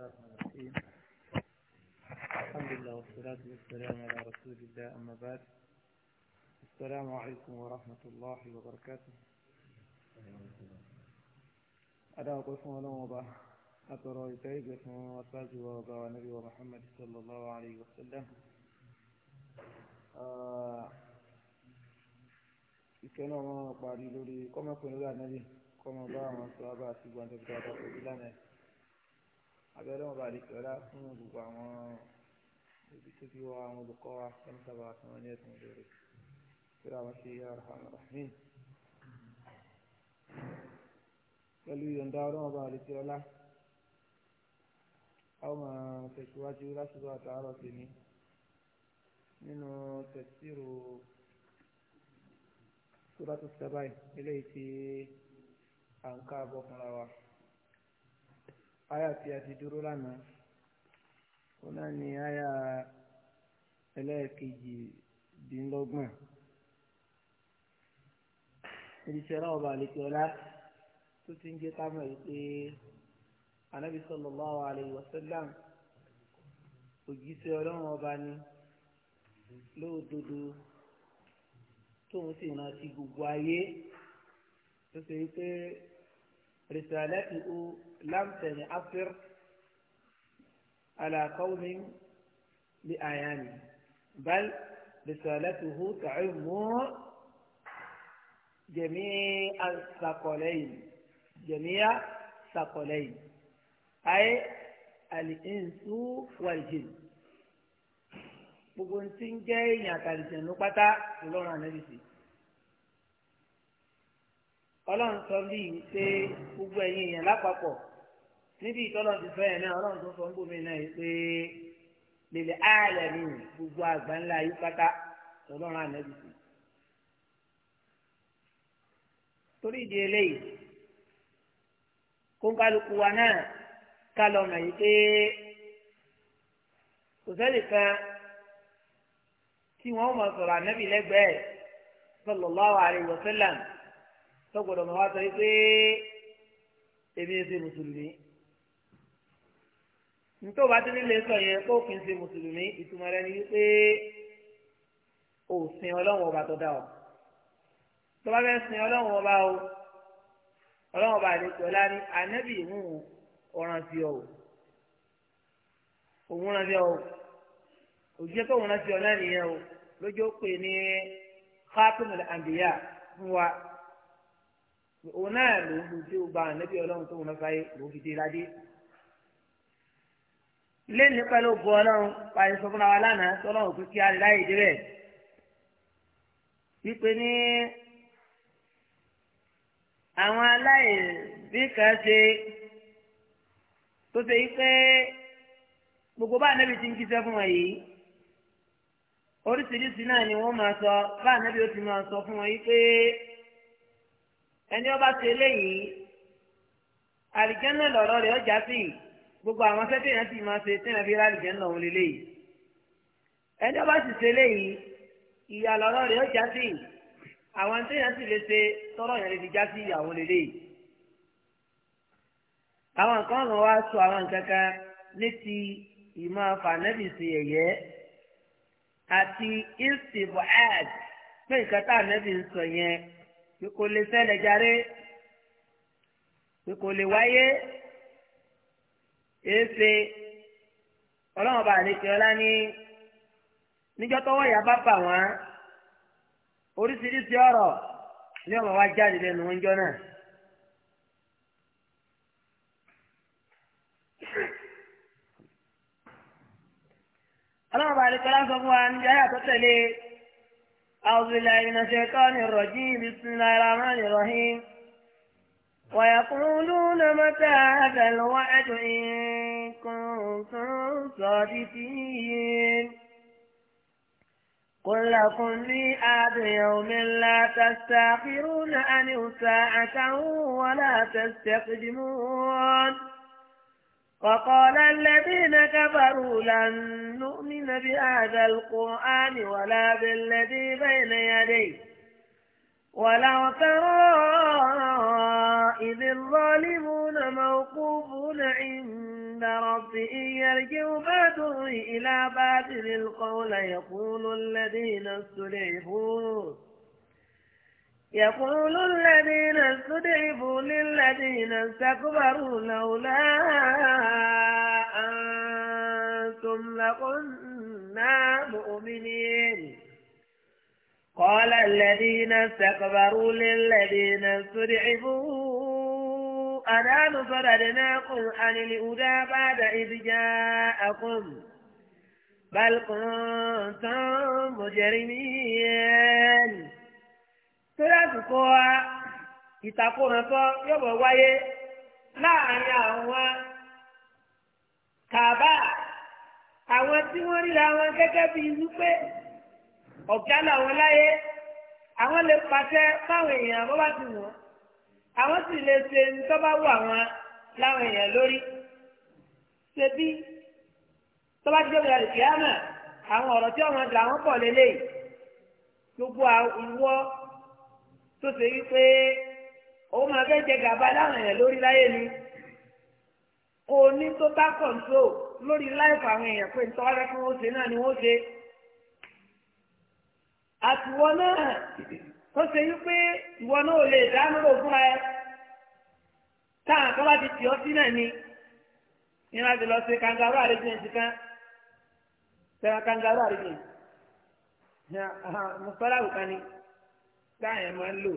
الرحمن الرحيم الحمد لله والصلاة والسلام على رسول الله أما بعد السلام عليكم ورحمة الله وبركاته أنا أقول أنا وضع أترى يتعيب اسمه وصلاته وضع نبي محمد صلى الله عليه وسلم ìkẹ́nà ọmọ parí lórí kọ́mọkùnrin rẹ̀ ànábì kọ́mọ bá àwọn sọ abá àti gbọ̀ǹdẹ̀gbẹ̀ àbáfẹ́ ìlànà ẹ̀ abẹ́rẹ́ wọn bá lè tọ́lá fún gbogbo àwọn ibi tó fi wá àwọn olùkọ́ wa fún sábà fún wọn ní ẹ̀sìn lórí kíra wọn sí yàrá hàn rahmin pẹ̀lú ìyọ̀ǹda ọlọ́wọ́n bá lè tọ́lá a ó máa tẹ̀síwájú lásìkò àtàárọ̀ tèmi nínú tẹ̀síro sóràtúnṣe báyìí eléyìí tí à ń ká àbọ̀ fúnra wa aya tí a ti dúró lánàá wọn náà ní aya ẹlẹ́ẹ̀kejìdínlọ́gbọ̀n ìdíṣẹ́ ráwọ̀ bá lè pẹ́ ọlá tó ti ń jẹ́ ká mọ̀ wípé anábì sallallahu alaihi wasallam òjíṣẹ́ ọlọ́run ọba ni lóòdodo tóun sì rántí gbogbo ayé tó ṣe wípé رسالته لم تنعثر على قوم بأيامه بل رسالته تعم جميع الثقلين جميع الثقلين أي الإنس والجن gbogbo ntí ń jẹ́ èèyàn àtàlìjẹ̀ ló pátá ọlọ́run sọ bíi wípé gbogbo ẹ̀yin èèyàn lápapọ̀ níbi ìtọ́lọ́ ti fẹ́ yẹn náà ọlọ́run tó sọ ń bòmí náà wípé lèlè ààlẹ̀ mi gbogbo àgbà ńlá yìí pátá ọlọ́run ànábì sí. torí ìdí eléyìí kóńkálukú wa náà ká lọ mọ̀ yìí pé kò sẹ́lẹ̀ kan tí wọ́n mọ̀ sọ̀rọ̀ ànábì lẹ́gbẹ̀ẹ́ sallallahu alaihi wasallam tó gbọ́dọ̀ máa wá sọ yìí pé èmi ẹ ṣe mùsùlùmí nítorí wàá ti nílé sọ yẹn kó kì í ṣe mùsùlùmí ìtumọ̀ rẹ̀ ni wípé òsìn ọlọ́run ọba tó dá ọ tó bá fẹ́ sin ọlọ́run ọba o ọlọ́run ọba àdékù ọlá ní ànábì ìhùn ọ̀ràn sí ọ o òun ràn sí ọ o òjíṣẹ́ tó òun ràn sí ọ náà nìyẹn o lójó pè ní khatimul anbiya fún wa òun náà ló ń lu tí ó gba ànábì ọlọ́run tó wọn fáyé ló fi dé ládé. ilé ní pẹ̀lú ògùn ọlọ́run pàṣẹ sọ fúnra wa lánàá sọlọ́run pé kí á rí láyé dé bẹ́ẹ̀. wípé ní àwọn aláìní kan ṣe tó ṣe wípé gbogbo bá ànábì ti ń kíṣẹ́ fún wọn yìí oríṣiríṣi náà ni wọ́n máa sọ bá ànábì ó ti máa sọ fún wọn yìí pé ẹni ọba ti eléyìí àlìjẹ́nà lọ̀rọ̀ rẹ̀ ọjà sí gbogbo àwọn sẹ́tì yẹn ti máa ṣe tí yẹn fi rà àlìjẹ́nà òun lélẹ́yìí ẹni ọba sì ṣe eléyìí ìyà lọ̀rọ̀ rẹ̀ ọjà sí àwọn tí yẹn sì lè ṣe tọrọ yẹn lè fi já sí ìyàwó lélẹ́yìí àwọn nǹkan ọ̀run wa sọ àwọn nǹkan kan ní ti ìmọ̀ fànẹ́bì sí ẹ̀yẹ́ àti ìsìbọ̀ ẹ̀ẹ́d pé nǹkan tá pé kò lè ṣẹlẹ̀ jàre pé kò lè wáyé èéṣe ọlọ́run bá àlejò ọlá ní níjọ́ tọ́wọ́ ìyá bá bà wọ́n oríṣiríṣi ọ̀rọ̀ ní ọmọ wa jáde lẹ́nu oúnjẹ náà. ọlọ́run bá àlejò ọlá sọ fún wa níjọ́ ayé àtọ́tẹ̀lé. أعوذ بالله من الشيطان الرجيم بسم الله الرحمن الرحيم ويقولون متى هذا الوعد إن كنتم صادقين قل لكم ميعاد يوم لا تستأخرون عنه ساعة ولا تستقدمون وقال الذين كفروا لن نؤمن بهذا القرآن ولا بالذي بين يديه ولو ترى إذ الظالمون موقوفون عند ربه يرجع بعضهم إلى بعض القول يقول الذين استضعفوا يقول الذين استضعفوا للذين استكبروا لولا أنتم لكنا مؤمنين قال الذين استكبروا للذين استضعفوا أنا نصردناكم عن الهدى بعد إذ جاءكم بل كنتم مجرمين torí àsìkò wa ìtàkùrọ̀sọ yóò bọ̀ wáyé láàárín àwọn kàbá àwọn tí wọ́n ríra wọn gẹ́gẹ́ bíi wípé ọ̀gá làwọn láyé àwọn lè pàṣẹ fáwọn èèyàn bó bá ti wọ̀n àwọn sì lè ṣe ní tó bá wù àwọn láwọn èèyàn lórí ṣebí tó bá ti dókòó ìkìyàmọ̀ àwọn ọ̀rọ̀ tí wọ́n là wọ́n pọ̀ lélẹ́yìí gbogbo ìwọ tó ṣe wípé òun máa fẹ́ jẹ gàba láwọn èèyàn lórí láyé ni òní tó bá kọ̀ǹtró lórí láìpẹ́ àwọn èèyàn pé ntọ́wálẹ́ fún wọn ṣe náà ni wọ́n ṣe àtiwọ́ náà tó ṣe wípé ìwọ náà ò lè dáná lò fún ẹ táwọn àkọ́bá ti tì ọ́ sí náà ni ìrìn àjò lọ sí kangaroo arrangement kan tẹ̀wọ̀n kangaroo arrangement mùsọ́lá wùkan ni. táyà máa ń lò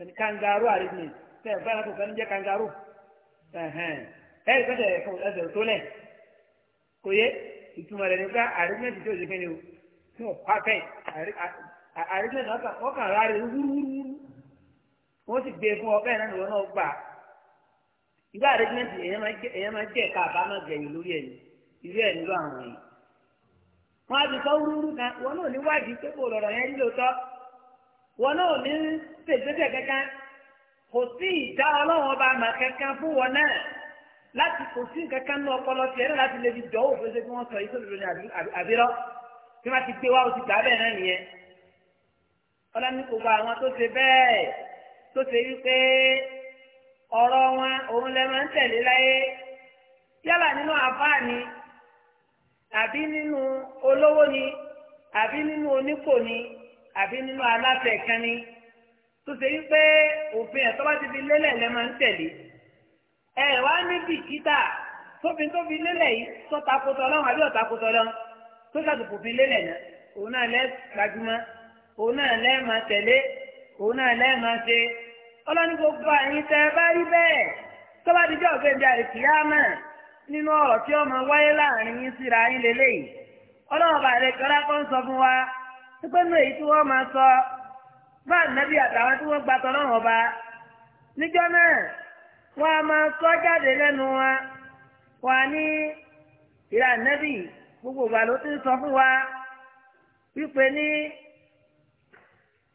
ẹni kangaroo àrídìní tẹ ẹ bára kò fẹ́ ní jẹ́ kangaroo ẹ̀ ẹ̀ gbọ́dọ̀ ẹ̀fọ́ ẹ̀sẹ̀ tó lẹ̀ kò yẹ ìtumọ̀ rẹ̀ nípa àrídìní tó ṣe o tí wọ́n fẹ́ àrídìní rẹ̀ wúrúwúrú wọ́n wọn náà ní ṣègbésẹ̀ kankan kò sí ìdá ọlọ́run ọba àmà kankan fún wọn náà láti kò sí kankan ní ọpọlọ tiẹ̀ náà láti lè fi dọ́wọ́ òfurufú tí wọ́n sọ yìí sódodo ní àbírọ́ tí wọ́n ti gbé wá oṣù gbà bẹ́ẹ̀ náà nìyẹn ọlọ́ni gbogbo àwọn tó ṣe bẹ́ẹ̀ tó ṣe wípé ọ̀rọ̀ wọn òun lẹ máa ń tẹ̀lé láyé yálà nínú àfáà ni àbí nínú olówó ni àbí nínú oníkò ni. àbí nínú aláṣẹ kan ni tó ṣe wípé òfin ẹ̀tọ́ bá ti fi lélẹ̀ lẹ́ máa ń tẹ̀lé ẹ wá níbi kíta tófin tó fi lélẹ̀ yìí tó takotọ lọ́wọ́ àbí ọ̀takotọ lọ́wọ́ tó ṣàtúkù fi lélẹ̀ náà òun náà lẹ́ gbajúmọ́ òun náà lẹ́ máa tẹ̀lé òun náà lẹ́ máa ṣe ọlọ́ni gbogbo àyín tẹ bá rí bẹ́ẹ̀ tó bá ti jẹ́ nínú ọ̀rọ̀ tí ọmọ wáyé láàrin yín síra yín lélẹ́yìí pípẹ́ nù èyí tí wọ́n máa sọ bá ànábì àtàwọn tí wọ́n gba tọ́lọ́run ọba níjọ́ náà wọ́n á máa sọ jáde lẹ́nu wa wà ní ìlà ànábì gbogbo ìgbà ló ti ń sọ fún wa wípé ní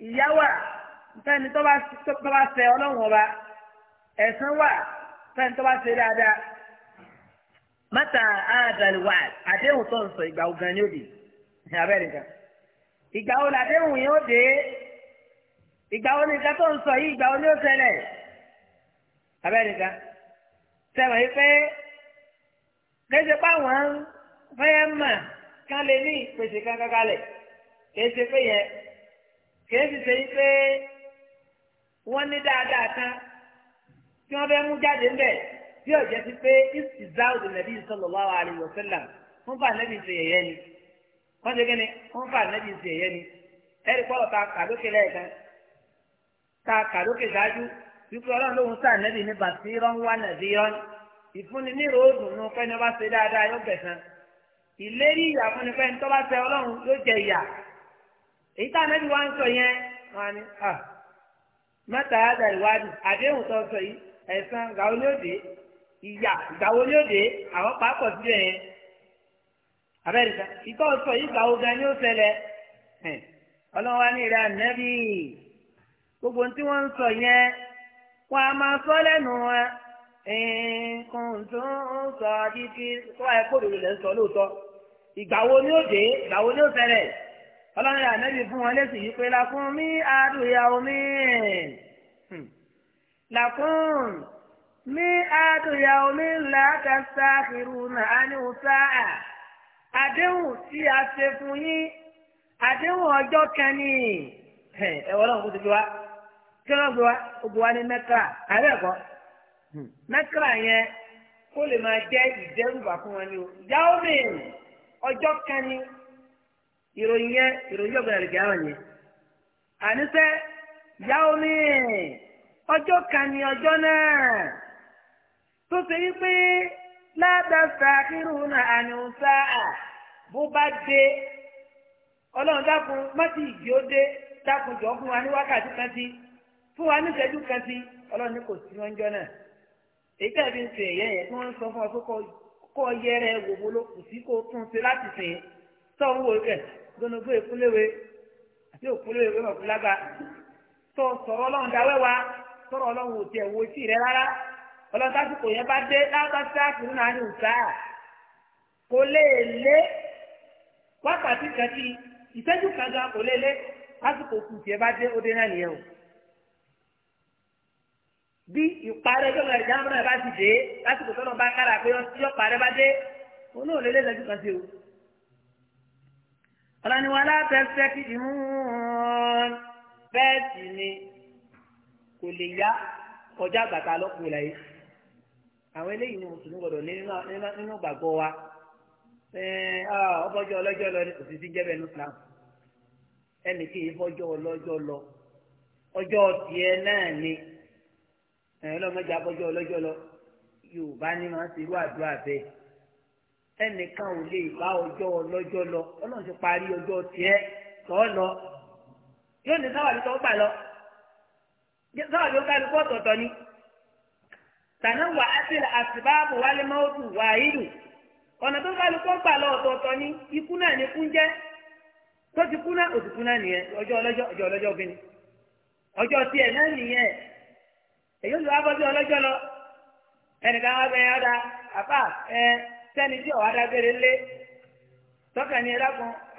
ìyá fẹ́ni tó bá fẹ́ ọlọ́run ọba ẹ̀san wà fẹ́ni tó bá ṣe dáadáa mẹ́ta àádọ́lùwà àdéhùn tó ń sọ ìgbà ogun ni ó di abẹ́rẹ́ nǹkan ìgbà wo làdéhùn yóò dé ìgbà wo ni nǹkan tó ń sọ yìí ìgbà wo ni ó ṣẹlẹ̀ abẹ́nìkan sẹ́wọ̀n yìí pé léṣe páwọn fẹ́ẹ́ mà ká lè ní ìpèsè kankan kalẹ̀ kìí ṣe pé yẹn kìí sì ṣe pé wọ́n ní dáadáa kan tí wọ́n fẹ́ mú jáde ńbẹ̀ bí ó jẹ́ sí pé ìsìzáwò nàbí sallallahu alaihi wasallam fún bá nàbí ṣe yẹ̀yẹ́ ni wọ́n ṣe kíni wọ́n fà nẹ́bí ṣe ẹ̀yẹ ni ẹ̀rí pọ́lọ̀ ta kàdókè lẹ́ẹ̀kan ta kàdókè ṣáájú wípé ọlọ́run lóhun sá nẹ́bí ní bàtírọ́n wà nàdírọ́n ìfúnni ní ròódùn ní ọpẹ́ ní ọba ṣe dáadáa yóò gbẹ̀san ìlérí ìyà fún ni fẹ́ni tó bá tẹ ọlọ́run yóò jẹ ìyà èyí tá nẹ́bí wá ń sọ yẹn wọn ni mẹ́ta àdá ìwádìí àdéhùn tó sọ yìí ẹ̀san gàwó ní òde ìyà gàwó ní òde àwọn pàápọ̀ síbẹ̀ yẹn abẹ́rẹ́ta ikọ́ sọ ìgbà ogan ni ó ṣẹlẹ̀ ọlọ́wà ní ìlà nẹ́bí gbogbo tí wọ́n ń sọ yẹn wọ́n a máa sọ lẹ́nu wọn nǹkan tó ń sọ títí tó wáyé kó lòlù lẹ́ sọ lóòótọ́ ìgbà wo ni ó dé ìgbà wo ni ó ṣẹlẹ̀ ọlọ́run ìlà nẹ́bí fún wọn lẹ́sìn yìí pé lakún mi àdùyà omi lakún mi àdùyà omi làákàtà ìrùnà ánìwòsáà. àdéhùn tí a ṣe fún yín àdéhùn ọjọ́ kan ní ẹ̀wọ̀n náà kò ti gbé wa kí wọ́n gbé wa ó gbé wa ní mẹ́kà àbẹ́ hmm. mẹ́kà yẹn kó lè máa jẹ́ ìdẹ́rùbà fún wọn ni o yàwó mi ọjọ́ kan ní ìròyìn yẹn ìròyìn yẹn yàwó mi ọjọ́ kan ní látàfà kírun àyànfà bó bá dé ọlọ́run dákun mọ́tì ìdí ó dé dákun jọ fún wa ní wákàtí kan sí fún wa ní ìṣẹ́jú kan sí ọlọ́run ní kò sí wọn náà èyí tẹ̀sí ń sè yẹn tí wọ́n ń sọ fún ọ pé sí kó tún ṣe láti sìn tọ́ ń àti òkúléwé wọ́n ọlọ́sàtìkò yẹn bá dé lábàtàkì nínú àánú ìta kò lè lé wákàtí kẹtì ìṣẹ́jú kẹjọ kò lè lé lásìkò kù tiẹ̀ bá dé ó dé náà nìyẹn o. bí ìparẹ́ tó lọ ìjà ń bọ̀ bá ti dé lásìkò tó lọ bá kára pé ọtí ọ̀parẹ́ bá dé ó náà lè lé ìṣẹ́jú kan sí o. ọ̀làníwá látẹ̀sẹ̀ kìdí mú un bẹ́ẹ̀ sì ni kò lè yá kọjá àgbàtà lọ́kùnrin láyé àwọn eléyìí ni mùsùlùmí gbọdọ̀ ní nínú gbàgbọ́ wa ọbọjọ ọlọ́jọ́ lọ ní òsìsì jẹbẹ ní islam ẹnì kí yìí fọjọ ọlọ́jọ́ lọ ọjọ́ tiẹ̀ náà ni ọlọmọdé abọjọ ọlọ́jọ́ lọ yorùbá ni máa ń ṣe irú àdúrà bẹ́ẹ̀ ẹnìkan ò lè bá ọjọ́ ọlọ́jọ́ lọ Ọlọ́run ti parí ọjọ́ tiẹ̀ tọ lọ yóò ní sáwà ní sọ gbà lọ sáwà ní ó ká ní fọ ọ̀tọ̀ọ̀tọ̀ ni. tana wa á la àsìbáàbù wálé mọ́tò wàhídù ọ̀nà tó kálukọ́ gbà lọ ọ̀tọ̀ọ̀tọ̀ ni ikú náà ni kú jẹ́ tó ti kú náà òtù kú náà nìyẹn ọjọ́ ọlọ́jọ́ ọjọ́ ọlọ́jọ́ ni ọjọ́ tiẹ̀ náà nìyẹn èyí wá bọ́ ọlọ́jọ́ lọ ẹnìkan wá bẹ ọ̀dà àbá ẹ sẹ́ni tí ọ̀wá dágbére lé tọ́kà ní ẹ̀dá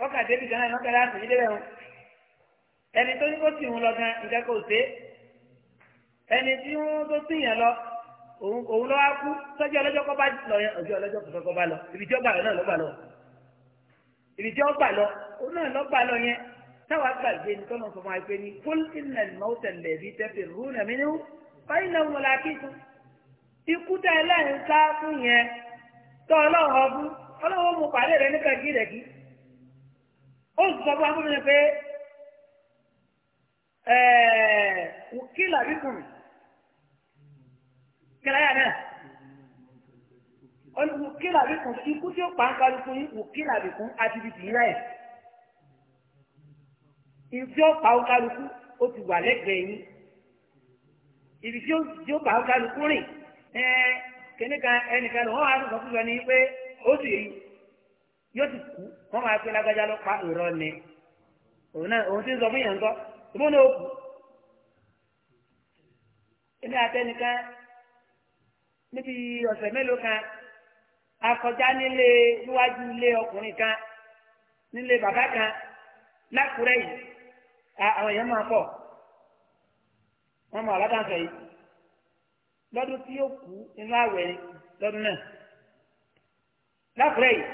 ọkà débi náà lọ́kà ẹni òun ló wá kú sọ́jọ́ ọlọ́jọ́ kọ́ bá lọ yẹn ọjọ́ ọlọ́jọ́ kọ́ kọ́ bá lọ ibi tí ó gbà lọ náà ló gbà lọ ibi tí ó gbà lọ òun náà ló gbà lọ yẹn táwa gbàgbé ní tọ́nà fún wa pé ní kul inna al-mawta alladhi tafirruna minhu fa innahu mulaqikum ikú tá ẹ láì ká fún yẹn tọ́ ọlọ́run ọdún ọlọ́run mú pàdé rẹ nípa gírẹ̀gí ó sì sọ fún wa fún mi pé ẹ̀ẹ́ kíláyà náà bí kùn ikú tí ó pa ń kálukú yín wòkílà bí kùn atibiti yín ìfi ó pa ó ti wà ibi tí ó pa ó kálukú rìn ẹ́ẹ́ kìnnìkan ẹnìkan ló wọ́n á fún mi pé ó sì yóò ti kú máa pe lágbájá ló pa ni òun náà òun ti sọ fún yẹn ń níbi ọ̀sẹ̀ mélòó kan akọjá nílé níwájú ilé ọkùnrin kan nílé bàbá kan lákùrẹ́ yìí àwọn èèyàn máa pọ̀ wọ́n mọ aládàáfẹ́ yìí lọ́dún tí yóò kú inú àwẹ̀ lọ́dún náà lákùrẹ́ yìí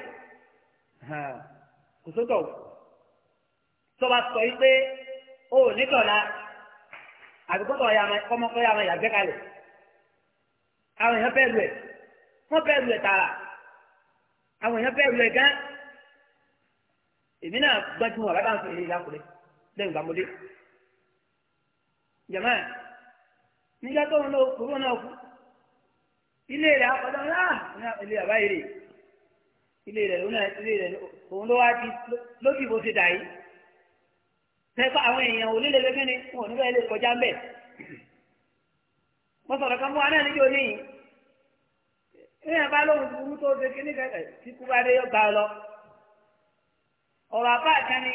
kò sótọ̀ tọ́ba sọ yìí pé ó nítorí àdúgbò tó ọ̀yà ọmọkùnrin àwọn ìyàgbẹ́ kalẹ̀ àwọn èèyàn bẹ̀rù ẹ̀ wọ́n bẹ̀rù ẹ̀ tààrà àwọn èèyàn bẹ̀rù ẹ̀ gán èmi náà gbọ́njú wọn bàbá àǹfààní ìlà kùlé lẹ́yìn ìgbàmọ́lé jàmá nígbà tó ń lo kúrò náà kú ilé rẹ̀ akọ̀dọ̀ ah! náà ilé bàbá ilé rẹ̀ lónà ilé rẹ̀ òun ló wá di lójú ìbò ti dà yìí tẹ́kọ̀ àwọn èèyàn ò nílé lẹ́gbẹ́ni wọn ò ní bẹ́ẹ̀ lè kọjá ń bẹ̀ mọ́sọ̀rọ̀ kan mú wa náà níjó ní yìí ìyẹn bá lóhùn burú tó ṣe kí nígbàgbà tí kú bá dé yọ gbà ọ lọ ọ̀rọ̀ àbá kan ni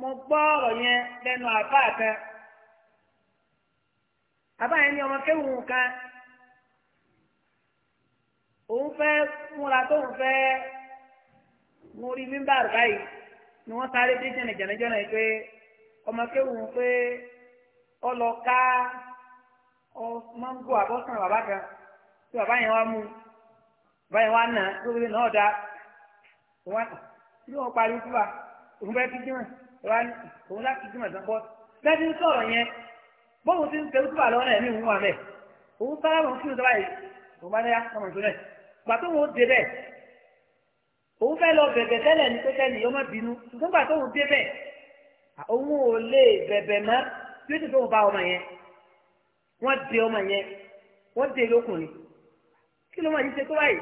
mo gbọ́ ọ̀rọ̀ yẹn lẹ́nu àbá kan àbá yẹn ni ọmọ kéwùn kan òun fẹ́ múra tóun fẹ́ mo rí mímbà rẹ̀ báyìí ni wọ́n sáré dé jẹ̀nẹ̀jẹ̀nẹ̀jẹ̀nẹ̀ pé ọmọ kéwùn pé ọlọ́ka mango àbọ̀sán bàbá kan tí bàbá yẹn wá mú bàbá yẹn wá nà lórí náà dá wọn tí wọn parí kúbà òun bẹ́ẹ̀ kíjú mọ̀ òun láti kíjú mọ̀ sàn bọ́ bẹ́ẹ̀ ti ń sọ̀rọ̀ yẹn bóun ti ń tẹ̀wé kúbà lọ́wọ́ náà ní ìwọ̀n àmẹ́ òun sára wọn fún ìjọba yìí òun bá dáyà ah, ọmọ ìjọba tí ó sì tó bá ọmọ yẹn wọ́n dé ọmọ yẹn wọ́n dé lókùnrin kí ló máa yí ṣe tó báyìí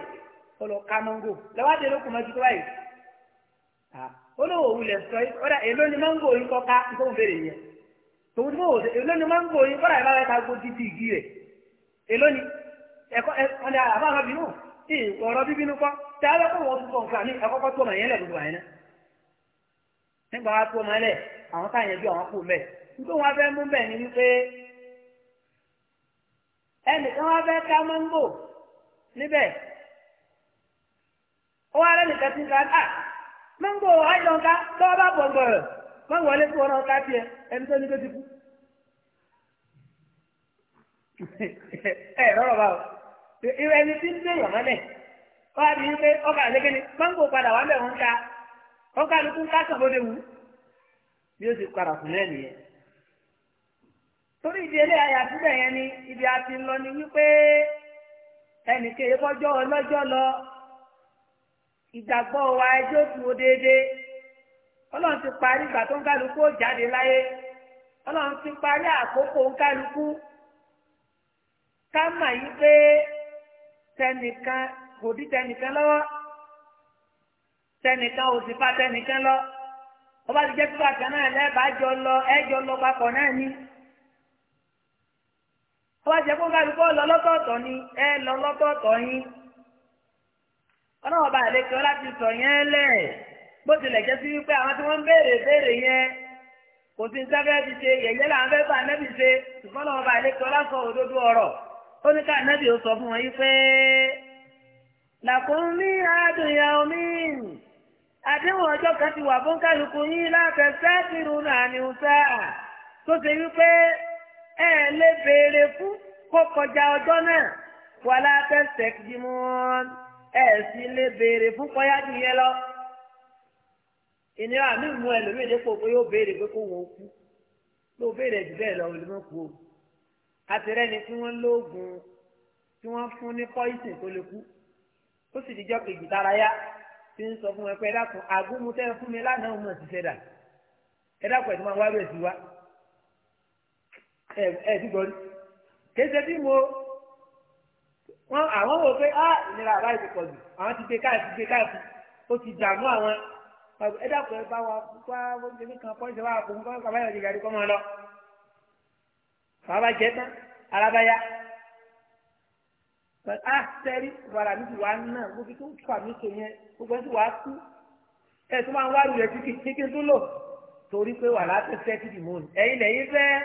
ọlọ ká mango lọ́wọ́ dé lókùn máa ju tó báyìí ó ló wò wulẹ̀ sọ yìí ọ̀dà èló ni mango yìí kọ́ ká tó ń béèrè yẹn tòun tó wò ó èló ni mango yìí kọ́ra ìbára ká gbó títí ìgì rẹ̀ èló ni ẹ̀kọ́ ọ̀dà àbáwọn bínú ọ̀rọ̀ bíbínú kọ́ tẹ́ ẹ lọ́kọ̀ wọ́n tún kọ̀ nǹkan ní ẹ̀kọ́kọ́ tó ọmọ yẹn lẹ̀ gbogbo àyẹn nígbà wá tó ọmọ yẹn lẹ̀ àwọn táyẹn ju àwọn kù mẹ́ẹ̀ nke wọn fẹ́ mú ni wípé ẹnìkan wọn fẹ́ ká mọ́ńgò níbẹ̀ ó wá lẹ́nìkan ti ah, ká à mọ́ńgò àìdánká tọ́wọ́ bá bọ̀ gbọ̀rọ̀ wọlé fún ọ̀nà ọ̀ká tiẹ̀ ẹni tó ní tó ti kú. ẹ rọrọ ẹni tí ń mọ́lẹ̀ bí wípé padà ká torí ìdí ilé ayà yẹn ni ibi àti ń lọ ni wípé ẹnìkéye kọjọ́ lọ ìgbàgbọ́ wa ẹjọ́ o déédéé ọlọ́run ti parí ìgbà tó ń kálukú ó jáde láyé ọlọ́run ti parí àkókò ń kálukú ká mà yí pé tẹnìkan kò dí tẹnìkan lọ́wọ́ tẹnìkan ó bá jẹ́ kó kálukọ́ lọ lọ́tọ̀ọ̀tọ̀ ni ẹ lọ lọ́tọ̀ọ̀tọ̀ yín ọlọ́wọ́ bá àlejò láti sọ yẹn lẹ̀ bó tilẹ̀ jẹ́ sí wípé àwọn tí wọ́n ń béèrè béèrè yẹn kò sí sáfẹ́ ti ṣe yẹ̀yẹ́ làwọn fẹ́ bá ànábì ṣe ṣùgbọ́n ọlọ́wọ́ bá àlejò lásọ òdodo ọ̀rọ̀ ó ní ká ànábì ó sọ fún wọn yìí pé làkún mí àdùnyà omi àdéhùn ọjọ́ kan ti wà fún kálukú yín láfẹ̀ẹ́ sẹ́ẹ̀tì rúnà ní ẹ lè béèrè fún kó kọjá ọjọ́ náà wàlá tẹ̀sẹ̀ dìmọ́ ẹ sì lè béèrè fún kọjá ju yẹn lọ. ìnira mi mú ẹlòmíì dépò pé yóò béèrè pé kó wọn kú ló béèrè jù bẹ́ẹ̀ lọ olùmọ̀ kú o. àtẹ̀rẹ́ ni tí wọ́n lóògùn tí wọ́n fún ní pọ́ìsìn tó lè kú ó sì dijọ́ kejì tára yá tí ń sọ fún ẹ pé ẹ dákun àgúnmu tẹ́ fún mi lánàá òun náà ti ṣẹ̀dá ẹ dákun ẹ̀ tó máa wá bẹ̀ sí wa ẹ ẹ ti gbọ́ kéde bí mo wọn àwọn wò pé á ah, ìnira àbá ti pọ̀ jù àwọn ti gbé káàkiri gbé káàkiri ó ti dààmú àwọn ẹ dàpọ̀ ẹ bá wa wá ẹbí kan pọ́ńṣẹ́ wa kò ń bá kábàyà ọ̀dẹ̀ gàdí kọ́ máa lọ. bàbá jẹ tán arábáyá á ah, sẹ́rí bàrà mi ti wà náà gbogbo tó ń fà mí sọ yẹn gbogbo ẹ ti wà á kú ẹ tó máa ń wá rú rẹ títí títí tó lò torí pé wà látẹ̀sẹ̀ títì mọ́ni ẹ̀yin lẹ́yìn fẹ́ẹ́.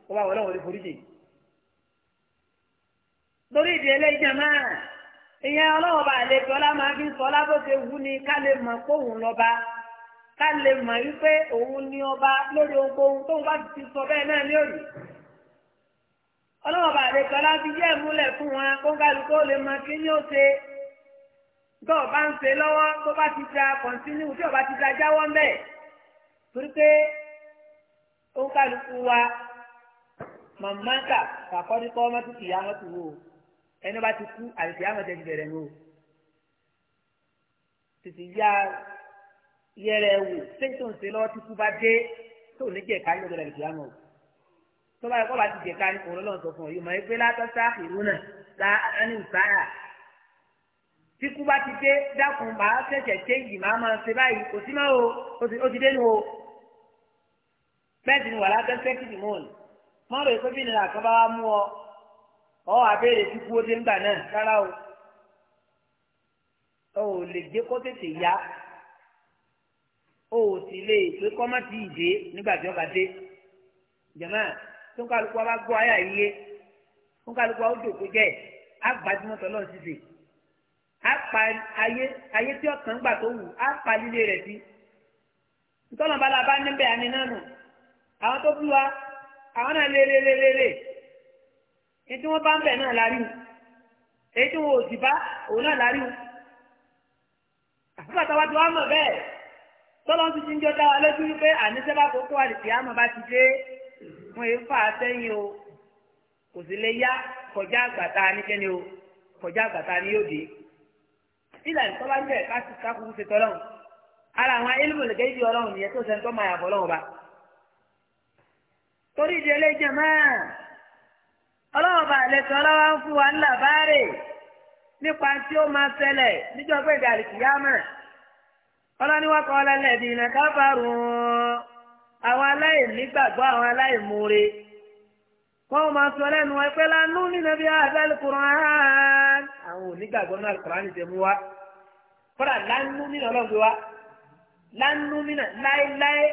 kó bá wọlé wọlé foríjì. torí ìdí ẹlẹ́yìn jàmá ìyẹn ọlọ́wọ́ bá lè fi ọlá máa fi sọ ọlá bó ṣe wù ní ká lè mọ̀ kóhùn lọ́ba ká lè mọ̀ wípé òun ni ọba lórí ohunkóhun tóun bá ti sọ bẹ́ẹ̀ náà ní òrì. ọlọ́wọ́ bá lè fi ọlá fi jẹ́ ìmúlẹ̀ fún wọn kó lè mọ kí ni ó ṣe tó o bá ń ṣe lọ́wọ́ tó bá ti da kọ̀ǹtínú tí o ti da jáwọ́ ń bẹ̀ torí pé ó kálukú wa mọ̀mọ́ta kàkọ́dí kọ́ mọ́tò kìyà mọ́tò wò ó ẹni bá ti kú àìsí àmọ̀tẹ́ ti bẹ̀rẹ̀ wò ó tètè yá yẹrẹ wò séńtò ń ṣe lọ́wọ́ tí kú bá dé tó ní jẹ̀ka yóò gbọdọ̀ kìyà mọ̀ tó bá yẹ kó bá ti jẹ̀ka ní òun lọ́wọ́ sọ yìí mọ̀ ẹgbẹ́ látọ́ sáàkì rúnà tá ẹni ìsáyà tí kú bá ti dé dákun màá ṣẹ̀ṣẹ̀ ṣe yìí màá máa ṣe báyìí kò sí máa o ó ti dé nu o bẹ́ẹ̀ ti ní wàhálà bẹ́ẹ̀ má rò pé bí nìyà kan bá wá mú ọ ọ abéèrè tí kú ó dé ńgbà náà rárá o o ò lè gbé kó tètè yá o ò sì lè pé kọ́ má ti dé nígbà tí ọba dé jẹ̀mọ́ tó ń kálukú wa bá gbọ́ ayà yíyé tó ń kálukú wa ó dòkó jẹ́ àgbàdúmọ̀ tọ́lọ́ ṣiṣẹ́ àpà ayé ayé tí ọ̀sán gbà tó wù àpà líle rẹ̀ sí ntọ́nà bá la bá níbẹ̀ àní náà nù àwọn tó bí wa àwọn náà lélelélele ní tí wọ́n bá ń bẹ̀ náà o èyí tí wọn ò sì bá òun náà láríwù àfúgbà táwa ti wá mọ̀ bẹ́ẹ̀ tọ́lọ́ ti ti ń jọ dá wa lójú wípé àníṣe bá kókó àlìkè àmọ́ bá ti dé wọn èé fà á sẹ́yìn o kò sì lè yá kọjá àgbàtà níkẹ́ni o kọjá àgbàtà ni yóò dé sílẹ̀ ní tọ́lá ń bẹ̀ ká sì ká kúkú ṣe tọ́lọ́run ara àwọn ilmu lè gẹ́gẹ́ bí ọlọ́run nìyẹn tó sẹ́ni máa yàgò ọlọ́run ba torí ìdílé jẹ̀mọ́ ọlọ́wọ́ bá àlẹ́sọ ọlọ́wọ́ ń fún wa ń làbárè nípa tí ó máa ṣẹlẹ̀ níjọ́ pé ìdàrí kìyàmọ̀ ọlọ́ni wọ́n kọ́ ọlọ́lẹ̀ bíi iná káfàrù àwọn aláìnígbàgbọ́ àwọn aláìmoore wọ́n máa sọ lẹ́nu wọn pé lánú nínú bí àbẹ́lẹ̀ kùrán àwọn onígbàgbọ́ náà kùrán ti mú wa kódà lánú nínú ọlọ́gbé wa lánú nínú láéláé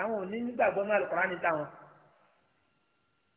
àwọn onígbàgbọ́ náà kùrán ti tà wọn.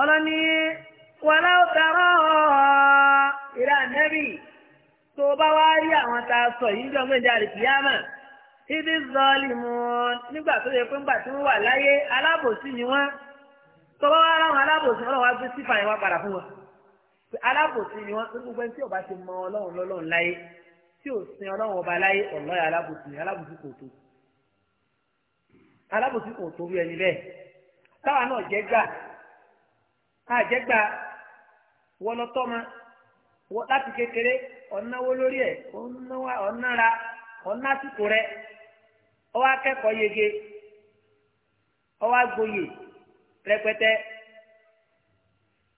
ọlọ́ni wàlá ọ̀tàrọ̀ ìrà nẹ́bì tó bá wá rí àwọn tá a sọ yìí jọ méjì àrìkíyàmà ibi zọlì mu nígbà tó yẹ pé ńgbà tí wọ́n wà láyé alábòsí ni wọ́n tó bá wá ráwọn alábòsí ọlọ́wọ́ á gbé sífà yẹn wá padà fún wọn alábòsí ni wọ́n gbogbo ẹni tí ọba ti mọ ọlọ́run lọ́lọ́run láyé tí ò sin ọlọ́run ọba láyé ọ̀lọ́ alábòsí ni alábòsí kò tó alábòsí kò tó bí ẹni bẹ́ẹ̀ táwa náà jẹ́ gbà àjẹgbà wọlọtọ́mọ láti kékeré ọ̀nàwó lórí ẹ̀ ọ̀nàra ọ̀nàsìkò rẹ ọwọ́ akẹ́kọ̀ọ́ yege ọwọ́ agboyè rẹpẹtẹ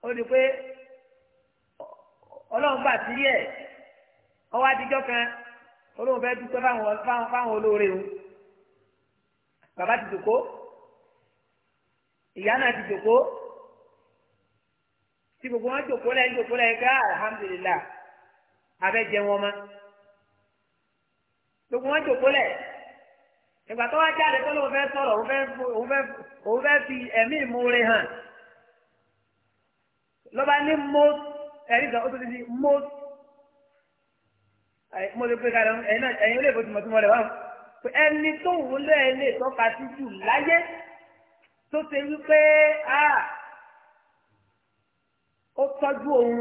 ó pé ọlọ́run bá ti rí ẹ̀ ọwọ́ adijọ́ kan olóhùn fẹ́ dúpẹ́ fáwọn olóore o bàbá ti ìyá náà ti tí gbogbo wọn jòkó lẹ́yìn jòkó lẹ́yìn ká ah, alhamdulilah abẹ́ jẹ wọn ma gbogbo wọn jòkó lẹ̀ ìgbà tó wá jáde tó lóun fẹ́ sọ̀rọ̀ òun fẹ́ fi ẹ̀mí ìmoore hàn lọ́ba ní most ẹ̀rí sọ ó tó ti di most mo ti pè kára ẹ̀yin olè fojú mọ́túmọ́ rẹ̀ wá ẹni tó wúlò ẹ̀ lè tọ́ka sí jù láyé tó ṣe wípé ah ó tọ́jú òun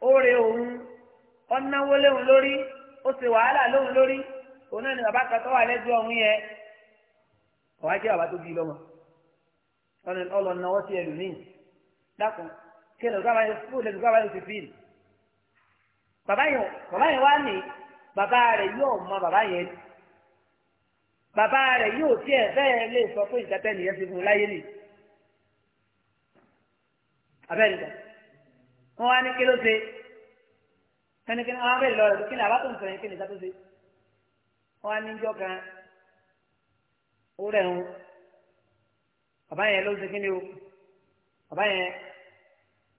ó re òun ó náwó léun lórí ó ṣe wàhálà lóun lórí òun náà ni bàbá kan tó wà lẹ́jọ́ òun yẹn ọ̀há jẹ́ bàbá tó bí lọ́mọ ọlọ́ọ̀ náwó sí ẹlòmíì dákun kí ẹlòmíì bàbá yẹn fún ẹlòmíì bàbá yẹn ti fi bàbá yẹn bàbá yẹn wá ní bàbá rẹ̀ yóò mọ bàbá yẹn bàbá rẹ̀ yóò tiẹ̀ bẹ́ẹ̀ lè sọ pé ìjàpẹ́ nìyẹn ti fún un láyé nìyí abẹ́rẹ́ wọn wá ní kí ló ṣe kẹ́nikẹ́ni wọn bẹ̀rẹ̀ lọ́rọ̀ kí ni àbá tó ń sọ yẹn kí ni ìsàtúnṣe wọn wá níjọ́ kan ó rẹ̀ ń bàbá yẹn ló ń ṣe kí ni o bàbá yẹn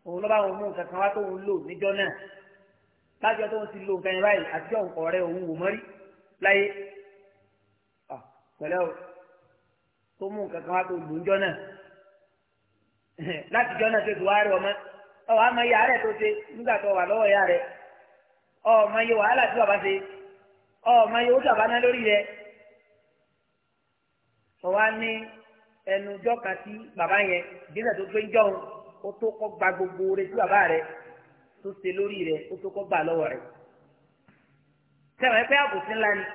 òun lọ́ba òun mú nǹkan kan wá tó ń lò níjọ́ náà lájọ tó ń ti lo nǹkan yẹn báyìí àtijọ́ nǹkan rẹ̀ òun wò mọ́rí láyé pẹ̀lẹ́ o tó mú nǹkan kan wá tó lò níjọ́ náà látijọ́ náà tó wá rí ọmọ ọwọ́ àmọ́ iye àárẹ̀ tó ṣe nígbà tó wà lọ́wọ́ ìyá rẹ̀ ọmọ iye wàhálà tí bàbá ṣe ọmọ iye owó tí bàbá ná lórí rẹ̀ ọwọ́ á ní ẹnu ọjọ́ kan sí bàbá yẹn ìgbésẹ̀ tó gbé ń jọun ó tó kọ́ gba gbogbo rẹ̀ sí bàbá rẹ̀ tó ṣe lórí rẹ̀ ó tó kọ́ gbà lọ́wọ́ rẹ̀ sẹ́wọ̀n ẹgbẹ́ àbòsí ńlá ni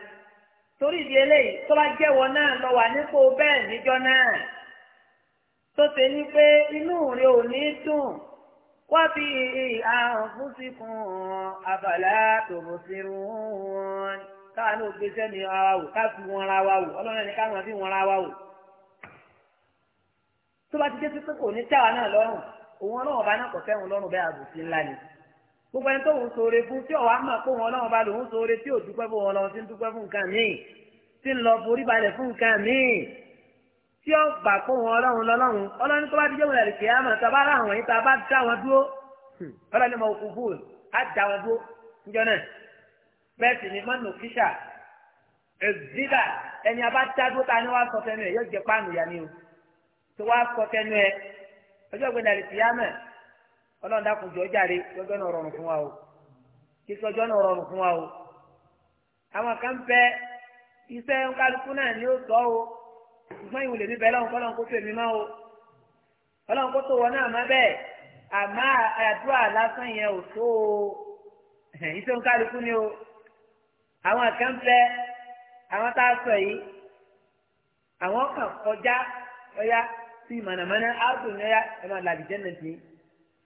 torí ìdí eléyìí tó bá jẹ́wọ́ náà lọ wà nípò bẹ́ẹ̀ níjọ́ náà tó ṣe ní pé inú rẹ̀ ò ní dùn وفي أنفسكم أفلا تبصرون káàánú gbèsè ní ara wò ká fi wọn ra wa wò ọlọ́run ẹni káwọn fi wọn ra wa wò. tó bá ti dé sí pé kò ní tẹ́wà náà lọ́rùn òun ọlọ́run ọba náà kò fẹ́ lọ́rùn bẹ́ẹ̀ àbùsí ńlá ni. gbogbo ẹni tó ń ṣoore fún tí ọ̀wá mọ̀ pé òun ọlọ́run ọba lòun ṣoore tí ò dúpẹ́ fún wọn tí ń dúpẹ́ fún nǹkan míì tí ń lọ forí fún nǹkan míì tí ó gbà kó wọn ọlọ́run lọ́lọ́run ọlọ́run tó bá ti jẹ́wọ́n lẹ́rìí kìí àmọ́ tàbá rà wọ́n yìí tàbá dá wọn dúró hmm. ọlọ́run bóòl á dá wọn dúró níjọ náà ni ẹ̀zídà ẹni dá dúró sọ ẹ̀ yóò jẹ páànù o tó sọ ṣùgbọ́n ìwòlè mi bẹ́ẹ̀ lọ́wọ́ kọ́lọ́n kó fèmí mọ́ o kọ́lọ́n kó tó wọn náà má bẹ́ẹ̀ àmọ́ àdúrà lásán yẹn ò tó o iṣẹ́ ń kálukú ni o àwọn kan fẹ́ àwọn tá a sọ yìí àwọn kan kọjá ọyá sí mànàmáná áàdùn ní ọyá ẹ máa làlì jẹ́nà sí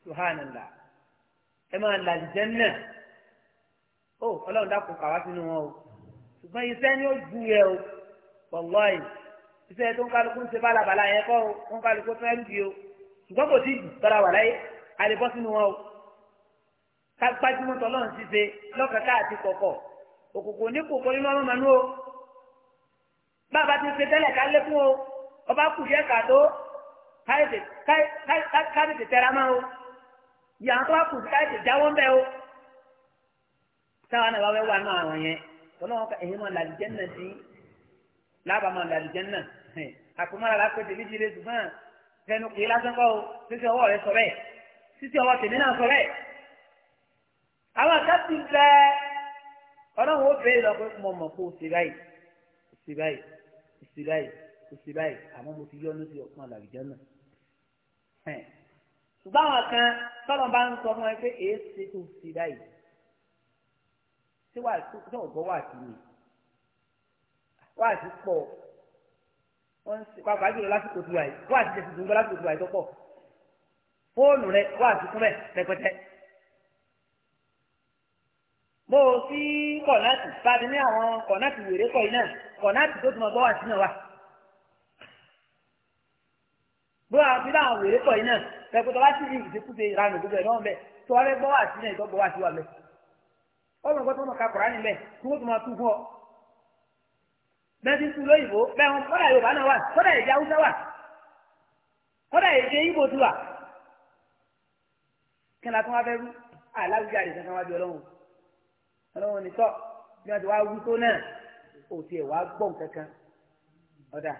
subhanallah ẹ máa làlì jẹ́nà ó ọlọ́run dákun kàwá sínú wọn o ṣùgbọ́n iṣẹ́ ni ó ju yẹ o wàlláhì iṣẹ́ tó ń kálukú ń ṣe bálabàlà yẹn kọ́ ń kálukú fẹ́ ń di o ṣùgbọ́n kò sí ìtọ́ra wà láyé àlebọ́ sínú wọn o kápájúmọ́ tọ́lọ́ ń ṣiṣẹ́ lọ́kàkà àti kọ̀kọ̀ òkùnkùn ní kòkó nínú ọmọ mànú o bàbá ti ṣe tẹ́lẹ̀ ká lékún o ọba kù díẹ̀ kà tó káyọ̀tẹ̀ tẹ́ra máa o yàrá tó bá kù sí káyọ̀tẹ̀ jáwọ́ ń bẹ́ o táwọn náà bá wẹ́ wà náà àwọn yẹn tọ́lọ́wọ́n ká èyí mọ̀ làlìjẹ́ náà sí lábàámọ̀ làlìjẹ́ náà àpòmọ́ra la pété méjì lé ṣùgbọ́n fẹnu kì í lásán kọ́ o sísè ọwọ́ rẹ sọ bẹ́ẹ̀ sísè ọwọ́ tèmi náà sọ bẹ́ẹ̀. àwọn kápẹ́ bẹ ọlọ́run ó bèèrè lọ pé mo mọ̀ kó o sì báyìí o sì báyìí o sì báyìí o sì báyìí àmọ́ mo ti yọ́nú sí ọ̀kan làlìjẹ́ náà. ṣùgbọ́n àwọn kan tọ́lọ̀ bá ń sọ fún ẹ pé èé ṣe tó o sì báyìí tí wàá tó wá àti pọ̀ wọ́n ń pàápàá jùlọ lásìkò tó wáyé wá àti tẹ̀sí gbogbo lásìkò tó wáyé tó pọ̀ fóònù rẹ wá àti kúnlẹ̀ rẹpẹtẹ. bó o kọ̀nàtì báyìí ní àwọn kọ̀nàtì wèrè kọ̀ iná kọ̀nàtì tó ti mọ̀ gbọ́ wà sínú wa. bó a fi láwọn wèrè kọ̀ iná rẹpẹtẹ wá sí ìdíkùsẹ̀ ìranù gbogbo ẹ̀ náà mẹ́ tó wá fẹ́ gbọ́ ìtọ́gbọ́ wà sí wa mẹ́ bẹ́ẹ̀ni kú lóyìnbó bẹ́ẹ̀ wọn kọ́dà yorùbá náà wà kọ́dà èdè haúsá wà kọ́dà èdè ibo tó wà kí ni a tún wá fẹ́ rú aláwùjá rẹ̀ kankan wá bí ọlọ́run ọlọ́run ní sọ bí wọ́n ti wá wú tó náà ò tiẹ̀ wá gbọ̀n kankan ọ̀dà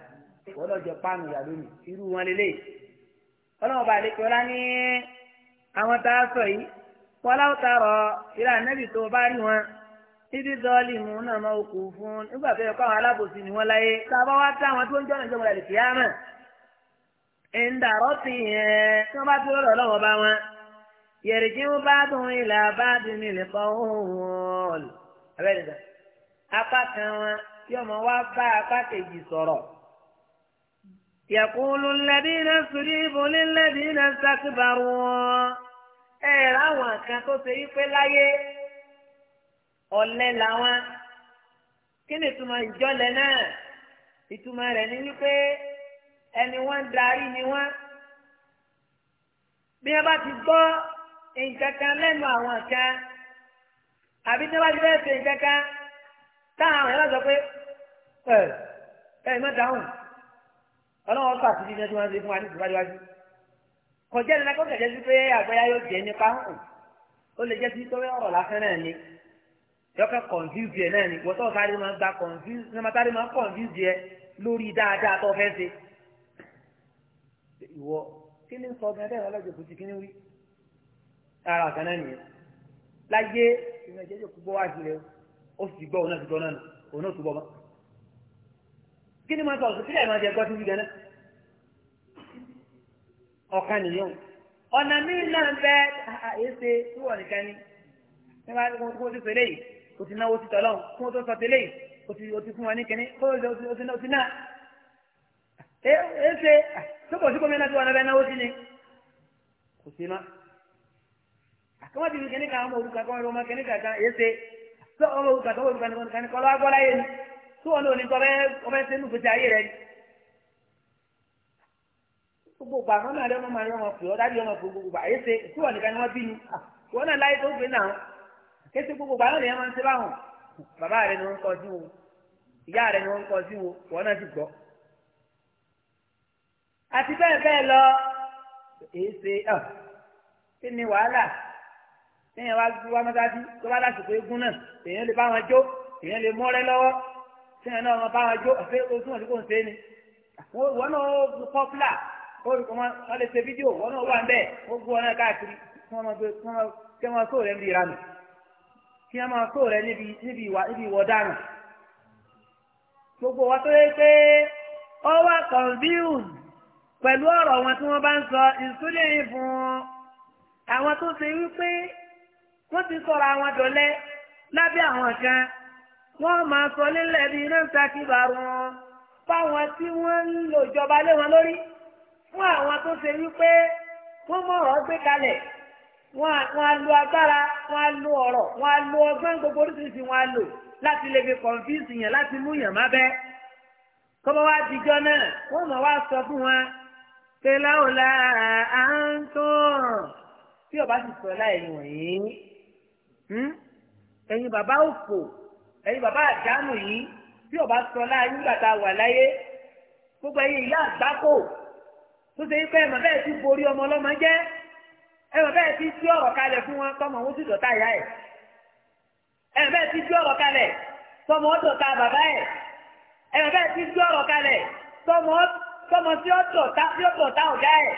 wọ́n lọ jẹ páànù yà lónìí irú wọn lélẹ̀ ọlọ́run bá lè kí ọlá ní àwọn tá a sọ yìí wọ́n láwùtà rọ ìlànà ìbí tó bá rí wọn ibi dọ́ọ̀lì mú náà máa kú fún nígbà tó yẹ kó àwọn alábòsí ni wọ́n láyé tá a bá wá tá àwọn tó ń jọ́nà ìjọba ìlú kìámà ìdàrọ́ ti yẹn tí wọ́n bá dúró lọ lọ́wọ́ bá wọn yẹ̀rìjì ń bá dùn ilà bá dùn ilé kan abẹ́rẹ́ dà apá kan wọn tí ọmọ wa bá apá kejì sọ̀rọ̀ yẹ̀kúlù lẹ́bí náà sùdí ìbòlí lẹ́bí náà sàkíbarú wọn ẹ̀ ọ̀lẹ làwọn kí ni ìtumọ̀ ìjọlẹ̀ náà ìtumọ̀ rẹ̀ ni wípé ẹni wọ́n ń darí ni wọ́n bí wọ́n bá ti gbọ́ nǹkan kan lẹ́nu àwọn kan àbí tí wọ́n bá ti fẹ́ ṣe nǹkan kan táwọn àwọn yàrá sọ pé ẹ ẹ má dáhùn ọlọ́wọ́ fà sí ibi tí wọ́n ti fún wa ní ìdúrádúrájú kọjá ìlànà kó kẹ̀kẹ́ sí pé àgbáyá yóò jẹ́ nípa hàn ó lè jẹ́ sí pé ọ̀rọ̀ lásán náà ni yọkàn confuse yẹ náà ni wọ́n tó sáré máa gba confuse ní ọmọtáré máa confuse yẹ lórí dáadáa tó fẹ́ ṣe. ìwọ kí ni sọ gan dẹ́rẹ́ ọlọ́jọ́ kùtì kí ni wí. ara kan náà nìyẹn láyé ìrìn àjẹ́ yóò gbọ́ wá sílẹ̀ ó sì gbọ́ òun náà ti gbọ́ náà nù òun náà tó bọ́ mọ́. kí ni máa sọ òṣìṣẹ́ ìrìn àjẹ́ gbọ́ sí wí gan náà. ọ̀kan nìyẹn ọ̀nà míì náà bẹ́ẹ̀ àyè ṣe tí wọ́n nìkan ni nígbà tí wọ́n ti fẹ́ lẹ́yìn o ti náwó sí tọ́lọ́hún fún tó sọ tẹ́lẹ̀ o ti o ti fún wa ní kẹ́ni kó o ti o ti o ti náà ẹ ẹ ṣe sọ́kọ̀ sí gómìnà tí wọn náà bẹ náwó sí ni kò sí ma àkọ́wọ́n ti fi kẹ́ni kan ọmọ òrukàn kan ọmọ kẹ́ni kan kan ẹ ṣe sọ ọmọ òrukàn kan ọmọ òrukàn kan kọ́ lọ́wọ́ agbọ́láyé ni tó wọn lóni tọ́ ọbẹ̀ ṣe nù fèsì ayé rẹ gbogbo gbà wọn náà lé wọn máa yọ wọn pè ọ dájú wọn pè gbogbo gbà ẹ ṣe tí wọn nìkan ni wọn bí ni wọn náà láyé tó gbé náà kéṣe gbogbo gbàgbọ́ lèyàn máa ń ṣe báwọn bàbá rẹ ni wọ́n ń kọ sí wo ìyá rẹ ni wọ́n ń kọ sí wo wọ́n náà ti gbọ́. àti bẹ́ẹ̀ bẹ́ẹ̀ lọ èyí ṣe ọ̀ kí ni wàhálà téèyàn wá wá mọ́sáájú tó bá lásìkò eégún náà èèyàn lè bá wọn jó èèyàn lè mọ́rẹ́ lọ́wọ́ téèyàn náà wọn bá wọn jó àfẹ́ ojú wọn tí kò ń ṣe é ni wọn náà kọ́ fúlà orúkọ wọn lè ṣe fídíò wọn náà wà ń bẹ́ẹ̀ ó gbọ́ náà káàkiri kí wọ́n máa kó rẹ̀ ń bí ìranù kí a máa kó rẹ níbi níbi ìwà níbi ìwọ dànù gbogbo wa tó yẹ pé ọ wà confused pẹ̀lú ọ̀rọ̀ wọn tí wọ́n bá ń sọ ìsúlẹ̀yìn fún wọn àwọn tó ṣe wípé wọ́n ti sọ̀rọ̀ àwọn dọ̀lẹ́ lábẹ́ àwọn kan wọ́n máa sọ nílẹ̀ bí iná ń sakíbarù wọn fáwọn tí wọ́n ń lò ìjọba lé wọn lórí fún àwọn tó ṣe wípé wọ́n mọ̀ ọ́ gbé kalẹ̀ wọ́n á lo agbára wọ́n á lo ọ̀rọ̀ wọ́n á lo ọgbọ́n gbogbo oríṣiríṣi wọ́n á lò láti lè fi kọ̀ǹfíìsì yàn láti mú yàn má bẹ́ kọ́mọ wá dijọ́ náà wọ́n mọ̀ wá sọ fún wọn pé láwùlà à ń tán tí ọba sì sọ láì wọ̀nyí hmm? ẹ̀yin bàbá òfò ẹ̀yin bàbá àdánù yìí tí ọba sọ láì nígbà tá a wà láyé gbogbo ẹ̀yin ìyá àgbákò tó ṣe yí pé ẹ̀ mọ̀ bẹ́ẹ̀ ti borí ọmọ ọlọ́mọ jẹ́ ẹ bẹ bẹ́ẹ̀ ti tú ọ̀rọ̀ kalẹ̀ fún wọn kọ́mọ wọn sì dọ̀tá ìyá ẹ̀ ẹ bẹ bẹ́ẹ̀ ti tú ọ̀rọ̀ kalẹ̀ kọ́mọ ó dọ̀tá bàbá ẹ̀ ẹ bẹ bẹ́ẹ̀ ti tú ọ̀rọ̀ kalẹ̀ kọ́mọ tí ó dọ̀tá ọ̀gá ẹ̀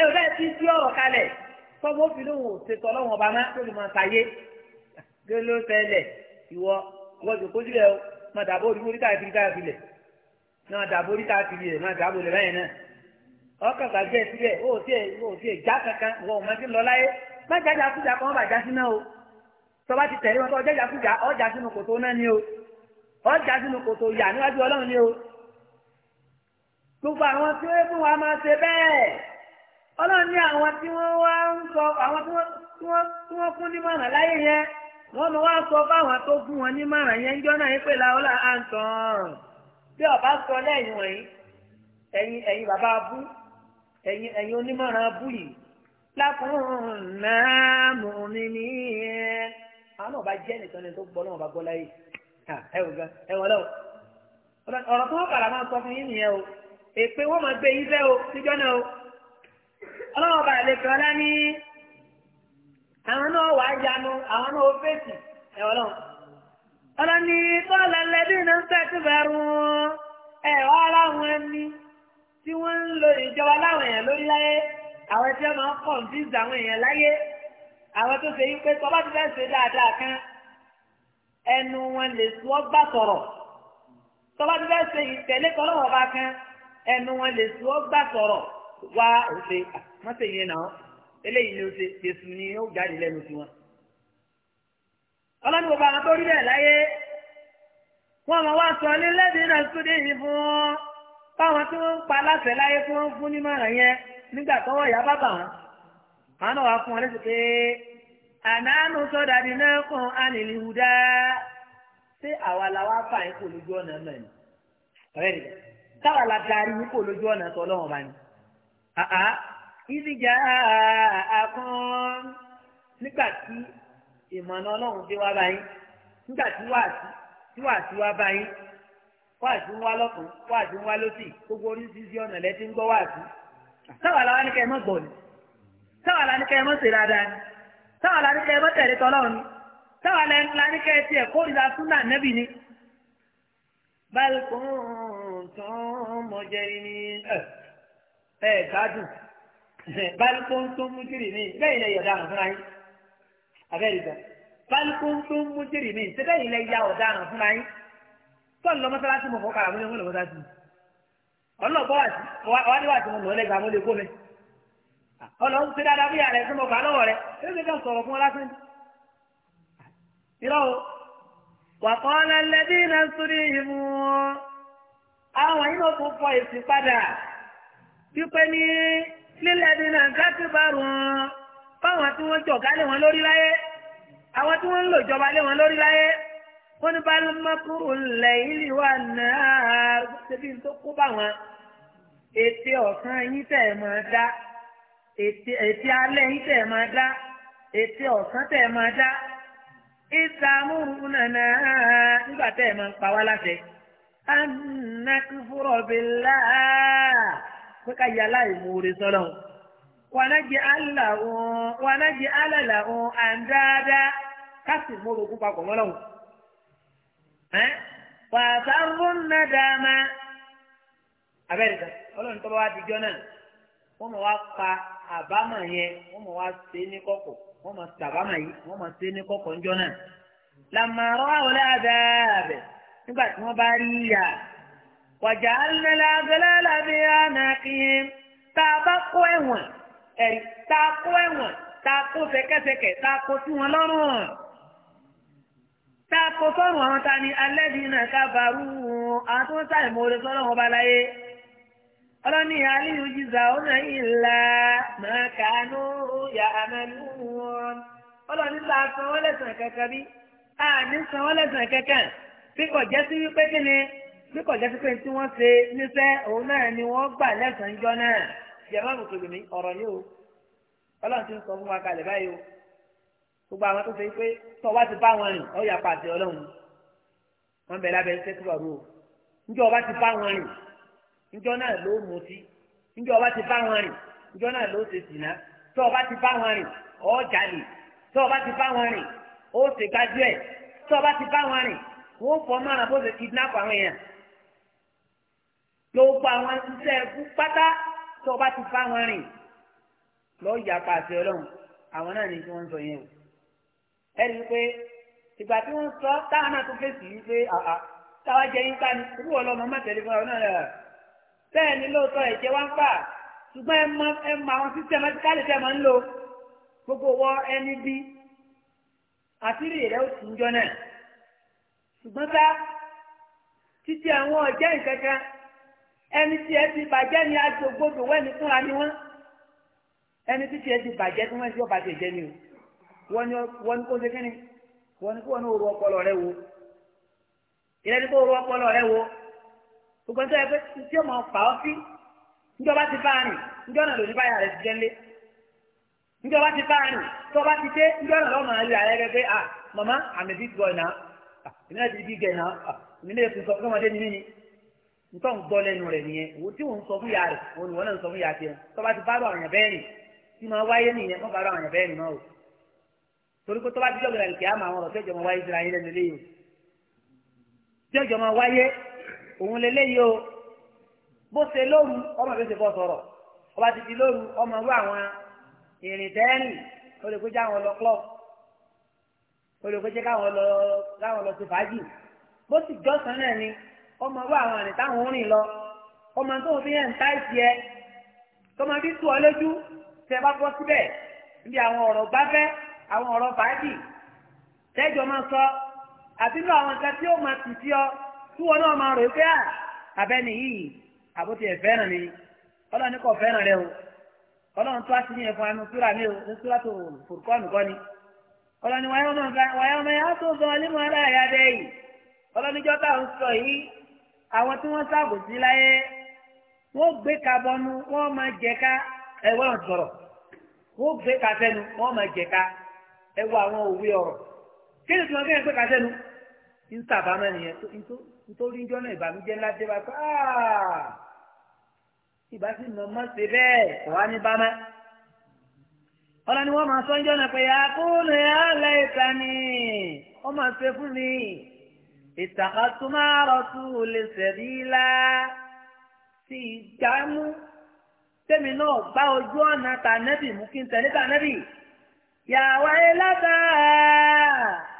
ẹ bẹ bẹ́ẹ̀ ti tú ọ̀rọ̀ kalẹ̀ kọ́mọ ó fi lóhùn ọlọ́wọ́n ọba má tó lè máa ṣàyé gbélé sẹ́lẹ̀ ìwọ ìwọ jòkó sílẹ̀ o máa dàbò orí ọkàn gbàgbé síbẹ̀ ó ti ẹ̀ ó ti ẹ̀ já kankan wọ ọmọ ti lọ láyé má jájà kújà kọ́ bàjá sí na o tọba ti tẹ̀lé wọn tó ọjà kújà ọjà sínú kòtò ni o ọjà sínú kòtò yà níwájú ọlọ́run ni o gbogbo àwọn tí wọ́n fún wa máa ṣe bẹ́ẹ̀ ọlọ́run ní àwọn tí wọ́n wá ń sọ àwọn tí wọ́n fún nímọ̀ràn láyé yẹn wọ́n mọ wá wọn nímọ̀ràn yẹn náà pé ọba sọ lẹ́yìn wọ̀nyí ẹ̀yin ẹ̀yin onímọ̀ràn abú yìí lákùnrin náà mú mi ní ẹ̀ àwọn náà bá jẹ́ nìkan ní tó gbọ́ náà bá gbọ́ láyé ẹ wò gan ẹ wọ́n lọ́wọ́ ọ̀rọ̀ tó wọ́n kàrà máa sọ fún yín nìyẹn o èpè wọ́n máa gbé yín fẹ́ o níjọ́ náà o ọlọ́wọ́ bá lè kàn láni àwọn náà wà á yanu àwọn náà ó fèsì ẹ wọ́n lọ́wọ́ ọlọ́ni tọ́lá lẹ́bí náà ń tẹ́tí bẹ̀rù ẹ̀ wọ́n aláwọn ẹni tí wọ́n ń lo ìjọba láwọn èèyàn lórí láyé àwọn tí wọ́n máa ń kọ̀ǹfíìsì àwọn èèyàn láyé àwọn tó ṣe yí pé tọ́ bá ti fẹ́ ṣe dáadáa kan ẹnu wọn lè wọ́n gbà sọ̀rọ̀ tọ́ bá ti fẹ́ ṣe ìtẹ̀lé tọ́lọ́wọ́ bá kan ẹnu wọn lè wọ́n gbà sọ̀rọ̀ wá òṣè mọ́tò yẹn náà eléyìí ni ó ṣe Jésù ni ó jáde lẹ́nu tiwọn. ọlọ́ni gbogbo àwọn tó rí bẹ́ẹ̀ láyé wọ́n mọ̀ wá sọ ní fáwọn tí wọ́n ń pa aláṣẹ láyé tí wọ́n ń fún nímọ̀ràn yẹn nígbà tọ́wọ́ ìyá bàbà wọn àwọn náà wàá fún wọn léṣe pé ànánú sọ́dà ní náà kàn ánìlì hùdá ṣé àwa la wá fà yín kò lójú ọ̀nà náà ni ọ̀rẹ́ rẹ̀ táwa la darí yín kò lójú ọ̀nà tọ́ lọ́wọ́n bá ní. ìdíjà àkàn nígbà tí ìmọ̀nà ọlọ́run dé wá báyìí nígbà tí wàásù wá báyìí wáàsí ń wá lọ́kùn wáàsí ń wá lọ́sì gbogbo oríṣiríṣi ọ̀nà lẹ́tí ń gbọ́ wáàsí. sáwà la wá ní kẹ́ ni sáwà la ní kẹ́ ẹ mọ́ ni sáwà la ní kẹ́ tẹ̀lé tọ́lọ́run ni sáwà la ní tiẹ̀ kórìíra súnà nẹ́bì ni. bal kuntum mujrimin ẹ ẹ gbádùn bal kuntum mujrimin bẹ́ẹ̀ ilẹ̀ yọ̀dá àrùn fúnra yín abẹ́rẹ́ ìgbà bal kuntum mujrimin ṣe bẹ́ẹ̀ ilẹ̀ ya ọ̀daràn fúnra yín tọ́lù lọ mọ́sálásí mọ̀ fọ́kàrà ọkara ní wọ́n lọ mọ́sálásí ọlọ́gbọ́ wa ni wà tí mo lọ lẹ́gbàá kó mi ọlọ́run ti dáadáa bí lọ́wọ́ sọ̀rọ̀ fún ọ lásán irọ́ o wà kọ́ lẹ́lẹ́dí náà sórí ìmú àwọn yìí náà tún fọ èsì padà ní bá fáwọn tí wọ́n jọ̀gá lé wọn lórí láyé àwọn tí wọ́n ń lò ìjọba lé wọn lórí láyé. wọ́n ní bá ló mọ́kúrò lẹ́yìnlì wà náà ṣebí tó kó bá wọn ètè ọ̀sán yín tẹ̀ máa dá ètè alẹ́ yín tẹ̀ máa dá ètè ọ̀sán tẹ̀ máa dá ìsàmúrú nànà nígbà tẹ̀ máa ń pa wá láṣẹ. anakufurọ̀ bìlá pé ká yàrá ìmoore sọ́lọ́ wànájì alàlà òun àndáadáa ká sì mú orogún papọ̀ mọ́lọ́hùn fàtàrù nàdàmà abẹ́rẹ́ kan ọlọ́run tó bá wá dijọ́ náà wọ́n mọ̀ wá pa àbámọ̀ yẹn wọ́n mọ̀ wá sé ní kọ̀kọ̀ wọ́n mọ̀ sàbámọ̀ yìí wọ́n mọ̀ sé ní kọ̀kọ̀ ńjọ́ náà làmàrọ̀ àwọn àdáàbẹ̀ nígbà tí wọ́n bá rí ìyà wàjà alẹ́lẹ́ abẹ́lẹ́ làbí ànàkìyẹn tá a bá kó ẹ̀wọ̀n ẹ̀rí tá a kó ẹ̀wọ̀n tá a kó sẹ́kẹ́sẹ́kẹ́ tá a kó sí wọn lọ́rùn tako fọ́ọ̀mù àwọn ta ni alẹ́bìnrin náà kábàárù àwọn tó ń ta ìmoore sọ́dọ̀ wọn bá láyé ọlọ́ni aliyu jiza ọ̀nà ìlà màkànú ya amẹ́lú wọn ọlọ́ni ta san wọ́n lẹ́sàn kankan bí a ní san wọ́n lẹ́sàn kankan bí kò jẹ́ sí wípé kí ni bí kò jẹ́ sí pé tí wọ́n ṣe níṣẹ́ òun náà ni wọ́n gbà lẹ́sàn-án jọ náà jẹ́ máa mùsùlùmí ọ̀rọ̀ ni o ọlọ́run ti ń sọ fún wa kalẹ̀ báyìí o gbogbo àwọn tó ṣe pé tó o bá ti bá wọn rìn ọ yà pàṣẹ ọlọ́run wọn bẹ lábẹ́ iṣẹ́ tó bàrú o níjọ́ ọba ti bá wọn rìn níjọ́ náà ló mutí níjọ́ ọba ti bá wọn rìn níjọ́ náà ló ṣe sìnà tó o bá ti bá wọn rìn ọ jalè tó o bá ti bá wọn rìn ó ṣe gbájú ẹ̀ tó o bá ti bá wọn rìn wọ́n fọ mọ́ra bó ṣe kidnap àwọn èèyàn gbogbo àwọn iṣẹ́ ẹ̀kú pátá tó o ti bá wọn rìn lọ́ọ́ yà pàṣẹ ọlọ́run àwọn náà ní ẹni pé ìgbà tí wọ́n sọ táwọn náà tún fèsì yìí pé àhà táwa jẹ yín pani irú ọlọmọ má tẹ̀lé fún ọ náà rẹ̀ bẹ́ẹ̀ ni lóòótọ́ ẹ̀jẹ̀ wá ń fà ṣùgbọ́n ẹ mọ ẹ mọ àwọn sísẹ̀mẹ́tíkálì tẹ̀ máa ń lò gbogbo wọ ẹni bí àtìrí rẹ̀ ó tún jọ náà ṣùgbọ́n sá títí àwọn ọ̀jẹ́ ìkẹ́kẹ́ ẹni tí ẹ ti bàjẹ́ ni aṣọ gbogbo wẹ́ni fúnra ni wọ́n ẹni títí ẹ ti bàjẹ́ tí wọ́n ti ọba tẹ̀jẹ́ ni o wọ́n ní kó ṣe kíni wọ́n ní kó wọ́n ní òru ọpọlọ rẹ wo ìrẹ́ ní kó òru ọpọlọ rẹ wo gbogbo nítorí pé tí o máa fà ọ́ sí níjọba ti bá rìn níjọ́ náà lòdì báyà rẹ̀ ti jẹ́lé níjọba ti bá rìn tọ́ba ti dé níjọ́ lọ́mọ àlè rẹ pé ah mama i'm a big boy now èmi náà ti di gẹ̀ náà èmi náà ti sọ fún ọmọdé nínú yìí nítorí ń gbọ́ lẹ́nu rẹ̀ nìyẹn wo tí wọ́n ń sọ fún ìyá òun ni wọ́n náà ń sọ fún ìyá tiẹ̀ tọ́ba ti bá rọ àwọn yẹn bẹ́ẹ̀ rìn tí máa wáyé nìyẹn wọ́n bá rọ àwọn yẹn bẹ́ẹ̀ rìn náà o. torí pé tó bá dídọ̀ gbẹ̀rẹ̀ kí á máa wọn rọ̀ tẹ́jọ́ wáyé o tẹ́jọ́ máa wáyé òun lélẹ́yìí o bó ṣe lóru ọmọ ìbí ṣe bọ sọrọ ọba ti di lóru ọmọ àwọn ìrìn ó lè àwọn lọ klọ́ọ̀ ó lè péjọ káwọn lọ káwọn lọ fàájì bó sì ni ọmọ àwọn àrìn táwọn rìn lọ ọmọ tó fi hàn ẹ tọmọ bí tù ọ lójú tẹ bá síbẹ̀ àwọn ọ̀rọ̀ báàdì tẹ́jọ máa sọ àti náà àwọn nǹkan tí ó máa sí ọ tí wọn náà máa rò pé à abẹ́ni yìí àbótí ẹ̀ fẹ́ràn ni ọlọ́run kò fẹ́ràn rẹ o ọlọ́run tó aṣíní ẹ̀fọn ẹnu mi ní síra tó ni ọlọ́run wáyé ọmọ nǹkan wáyé ọmọ yẹn á tó sọ ẹ wo àwọn òwe ọ̀rọ̀ kéde tí wọn kéde pé kásẹ́nu ń sàbámọ́ nìyẹn nítorí ń jọ́nà ìbànújẹ́ ńlá dé bá pé ah! ìbá sì nà mọ́ ṣe bẹ́ẹ̀ ọ̀wá ní bámá. ọ̀la ni wọ́n máa sọ ń jọ́nà pé àkóónù ẹ̀ àlẹ́ ìta ni wọ́n máa ṣe fún mi ìtàkàtúmárọ̀tù lè ṣẹ̀rí lá sí ìjámú tẹ́mi náà gbá ojú ọ̀nà tànẹ́bì mú kí n tẹ̀lé tànẹ́bì yàwá ẹ lábà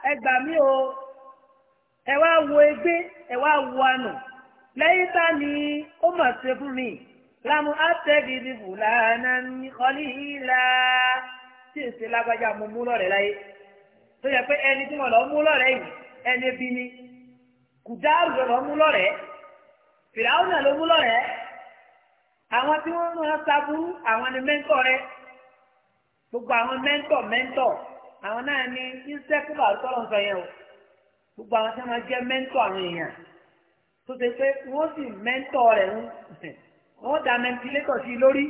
ẹ gbà mí o ẹ wá wo egbé ẹ wá wo àná lẹ́yìn tá ni ó mà ṣe fún mi lámú àtẹgìdì fúlànà ní ọlí ìlà tí ì ṣe lágbájá mo mú lọ́rẹ̀ láyé tó yẹ pé ẹni tí mo lọ mú lọ́rẹ̀ yìí ẹni bí ni kùdáàrú lọ lọ mú lọ́rẹ̀ fìlà ọ̀nà ló mú lọ́rẹ̀ àwọn tí wọ́n ń sa burú àwọn ni mẹ́ńtọ́ rẹ̀ gbogbo àwọn mẹ́ńtọ̀ mẹ́ńtọ̀ àwọn náà ní ìsẹ́kùbà tọ́lọ̀ ń sọ yẹn o gbogbo àwọn tí wọ́n jẹ́ mẹ́ńtọ̀ àwọn èèyàn tó ṣe pé wọ́n sì mẹ́ńtọ̀ rẹ̀ ń wọ́n da mẹ́ńtílétọ̀ sí i lórí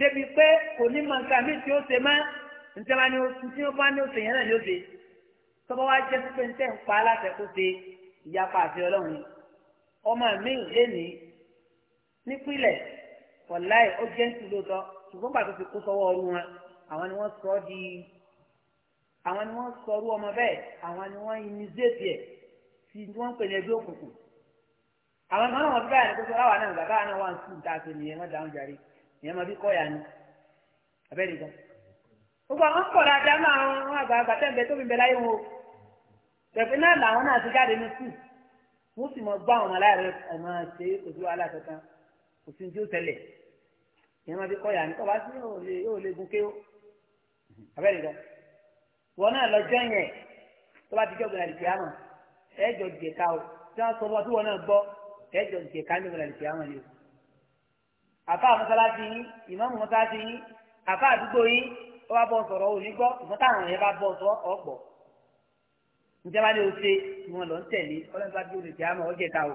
débi pé kò ní mọ nǹkan tí ó ṣe má ntẹ́wá ni ó tí ó bá ní oṣù yẹn náà ni ó ṣe tọ́ba wá jẹ́ pípé ń tẹ̀ ń pa aláṣẹ kó ṣe ìyapa àti ọlọ́run ọmọ mi lé ní nípínlẹ̀ ọ̀láì ó jẹ́ ń sùn lóòótọ́ ṣùgbọ́n pàtó ti kó sọ́wọ́ ọrú wọn àwọn ni wọ́n sọ ọ́ di àwọn ni wọ́n sọ ọ́rú ọmọ bẹ́ẹ̀ àwọn ni wọ́n inizéètì ẹ̀ tí wọ́n pè ní ẹgbẹ́ òkùnkùn àwọn kan náà wọ́n fi báyà ní kó sọ́ra wà náà bàbá náà wà ń sùn tá a ṣe nìyẹn wọ́n dáhùn jàre ìyẹn máa fi kọ́ ya ni abẹ́rẹ́ gan. gbogbo àwọn ń pọ̀ dáadáa máa ń wọn àgbà àgbà tẹ̀ ń bẹ tóbi ń bẹ láyé wọn o pẹ̀pẹ́ náà làwọn náà ti jáde ní sùn wọ́n sì mọ gbọ́ àwọn aláìrẹ ọmọ ṣe kò sí wàhálà kankan kò sí ní tí ó tẹ̀lẹ̀ ìyẹn máa fi kọ́ ya ni kọ́ bá sí yóò lè gun kéwọ́ abẹ́rẹ́ lọ wọn náà lọ́jọ́ yẹn tó bá ti jọ́ gbọ́dọ̀ àlùfíà mọ̀ ẹ̀jọ̀ jẹ̀ka o tí wọ́n sọ fún ọ tí wọn náà gbọ́ ẹ̀jọ̀ jẹ̀ka ní gbọ́dọ̀ àlùfíà mọ̀ yìí àfa mọ́sálásí yín ìmáàmù mọ́sálásí yín àfa àdúgbò yín ó bá bọ́ sọ̀rọ̀ òní gbọ́ ìfọ́n táwọn yẹn bá bọ́ sọ ọ̀pọ̀ njẹ́bá ni o ṣe ni wọ́n lọ ń tẹ̀lé ọlọ́run bá dúró lùtì àmọ́ ọjẹ́ ta o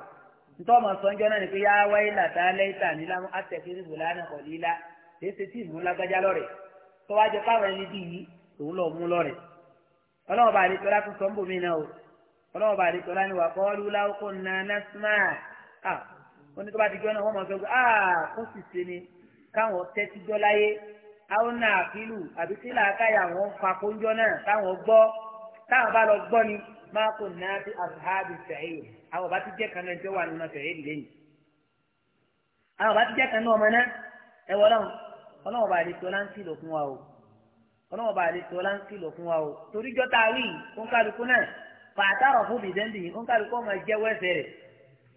ni pé yá wáyé làtà lẹ́yìn tà nílámú àtẹ̀kẹ́ níbo lánàá kọ̀ tó wá jẹ fáwọn ẹni bí yìí òun lọ mú lọrẹ ọlọ́wọ́ bá àdìsọ́lá tún sọ ń bòmí náà o ọlọ́wọ́ bá àdìsọ́lá ni wà kọ́ọ́lù láwùkọ́ nàánà smart à wọ́n ní tó bá ti gbọ́ náà wọ́n mọ̀ sọ́gbọ́ à kó sì ṣe ni káwọn tẹ́tí gbọ́ láyé àwọn náà àfílù àbí sí làákàyà wọn fa kóńjọ náà táwọn gbọ́ táwọn bá lọ gbọ́ ni máa kò náà ti àbáàbí sẹ̀yìn àwọn bá ti jẹ́ kan náà ọlọ́wọ́ bá àlejò ọlá ń kìlọ̀ fún wa o ọlọ́wọ́ bá àlejò ọlá ń kìlọ̀ fún wa o torí jọta wí ó ń kálukú náà pàtàrọ̀ fún bìdẹ́ndì ó ń kálukú ọmọ jẹ́wọ́ ẹsẹ̀ rẹ̀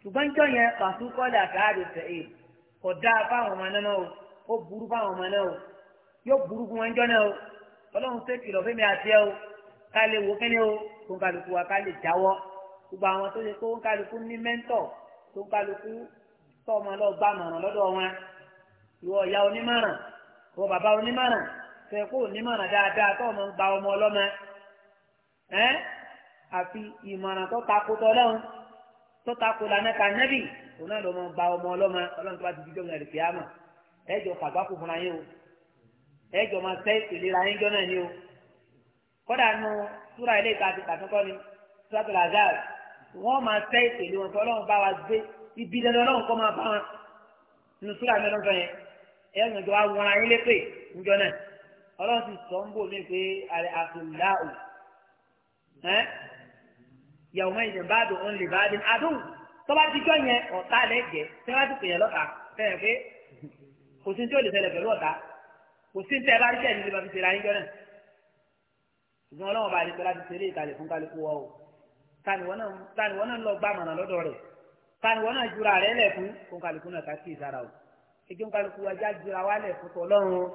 ṣùgbọ́n jọ yẹn pàṣẹ kọ́lẹ̀ àkàrà fẹ̀ é kò dáa fáwọn ọmọ náà o ó burú fáwọn ọmọ náà o yóò burú fún wọn jọ náà o ọlọ́run ṣe kìlọ̀ fún mi àti ẹ o ká lè wo kíni o kó ń kálukú wa ká lè jáwọ́ gbogbo àwọn tó yẹ kó ń kálukú ní mẹ́ńtọ̀ tó ń kálukú tọ́ ọmọ lọ́ọ́ gbàmọ̀ràn lọ́dọ̀ wọn ìwọ ìyá onímọ̀ràn wọ bàbá onímọ̀ràn tó yẹ kó onímọ̀ràn dáadáa tó ọmọ gba ọmọ ọlọ́mọ ẹ́ àfi ìmọ̀ràn tó takò tọ́lọ́run tó takò lànà kànẹ́bì òun náà ló mọ gba ọmọ ọlọ́mọ ọlọ́run tó bá ti di jọ́mọ̀ ẹ̀rì fìyàmà ẹ̀jọ̀ fàgbákò fúnra yín o ẹ̀jọ̀ máa fẹ́ ìlera yín jọ́ náà ni o kọ́dà nu súra ilé ìta àti ìtàkùnkọ́ ni súra tó làzáàrì wọ́n máa fẹ́ ìpèlè wọn fún ọlọ́run bá wa gbé ibi lẹ́nu ọlọ́run kọ́ máa bá wọn nù súra mẹ́rin fẹ́ ẹ̀yọ́ ìjọba wọn ayé lépè níjọ náà ọlọ́run ti sọ ń bò mí pé àrẹ àfòláhù ẹ́ yàwó mẹ́rin ní báàdùn òun lè báàdùn àdùn tọ́ba ti jọ yẹn ọ̀tá lẹ́jẹ̀ tí wọ́n ti pèyàn lọ́ta fẹ́rẹ̀ pé kò sí tí ó lè ṣẹlẹ̀ pẹ̀lú ọ̀tá kò sí tí ẹ bá rí sẹ́yìn níbi bàbá ti ṣẹlẹ̀ ayéjọ́ náà ṣùgbọ́n ọlọ́run bá àdìsọ́lá ti ṣeré ìtàlẹ̀ fún kálukú wa o tániwọ́n náà lọ gbàmọ̀nà ẹjọ́ kálukú ẹjá jura wálẹ̀ fún tọ́lọ́run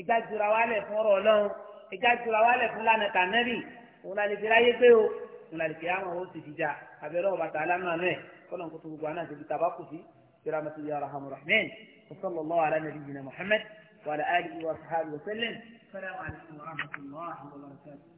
ẹjá jura wálẹ̀ fún ọ̀rọ̀ ọlọ́run ẹjá jura wálẹ̀ fún lánà tànẹ́rì òun làlè fi ráyé gbé o òun làlè fi àwọn oṣù ìdíjà àbẹ̀rẹ̀ ọba tààlà náà náà kọ́nà kó tó gbogbo àná àti tàbá kù sí برحمة يا رحم الرحمن وصلى الله على نبينا محمد وعلى آله وصحبه وسلم السلام عليكم ورحمة الله وبركاته